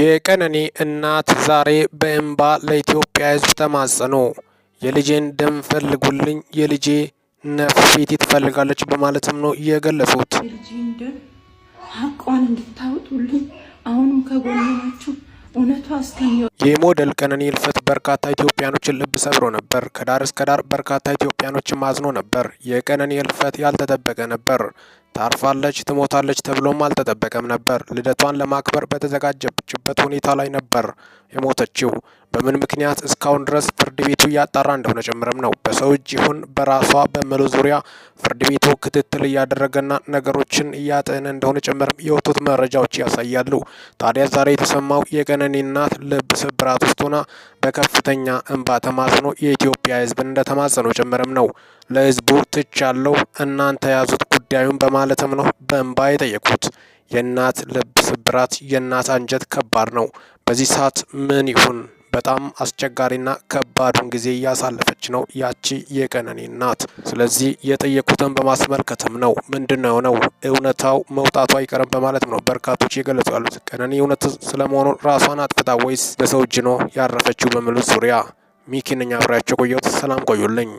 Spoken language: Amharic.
የቀነኒ እናት ዛሬ በእንባ ለኢትዮጵያ ሕዝብ ተማጸኑ። የልጄን ደም ፈልጉልኝ፣ የልጄ ነፍሲቲ ትፈልጋለች በማለትም ነው የገለጹት። የልጄን ደም ሀቋን እንድታወጡልኝ አሁንም ከጎኔ ናችሁ። የሞዴል ቀነኒ እልፈት በርካታ ኢትዮጵያኖችን ልብ ሰብሮ ነበር። ከዳር እስከ ዳር በርካታ ኢትዮጵያኖችን ማዝኖ ነበር። የቀነኒ እልፈት ያልተጠበቀ ነበር። ታርፋለች፣ ትሞታለች ተብሎም አልተጠበቀም ነበር። ልደቷን ለማክበር በተዘጋጀችበት ሁኔታ ላይ ነበር የሞተችው። በምን ምክንያት እስካሁን ድረስ ፍርድ ቤቱ እያጣራ እንደሆነ ጭምርም ነው። በሰው እጅ ይሁን በራሷ በመሎ ዙሪያ ፍርድ ቤቱ ክትትል እያደረገና ነገሮችን እያጠነ እንደሆነ ጭምርም የወጡት መረጃዎች ያሳያሉ። ታዲያ ዛሬ የተሰማው የቀነኒ እናት ልብ ስብራት ውስጥ ሆና በከፍተኛ እንባ ተማጽኖ የኢትዮጵያ ሕዝብን እንደተማጸኑ ጭምርም ነው። ለሕዝቡ ትቻለሁ፣ እናንተ ያዙት ጉዳዩን በማለትም ነው በእንባ የጠየቁት። የእናት ልብ ስብራት፣ የእናት አንጀት ከባድ ነው። በዚህ ሰዓት ምን ይሁን? በጣም አስቸጋሪና ከባዱን ጊዜ እያሳለፈች ነው ያቺ የቀነኔ እናት። ስለዚህ የጠየቁትን በማስመልከትም ነው ምንድን ነው የሆነው እውነታው መውጣቱ አይቀርም በማለትም ነው በርካቶች የገለጹ ያሉት። ቀነኔ እውነት ስለመሆኑ ራሷን አጥፍታ ወይስ በሰው እጅ ነው ያረፈችው? በሚሉት ዙሪያ ሚኪ ነኝ አብሬያቸው ቆየሁት። ሰላም ቆዩልኝ።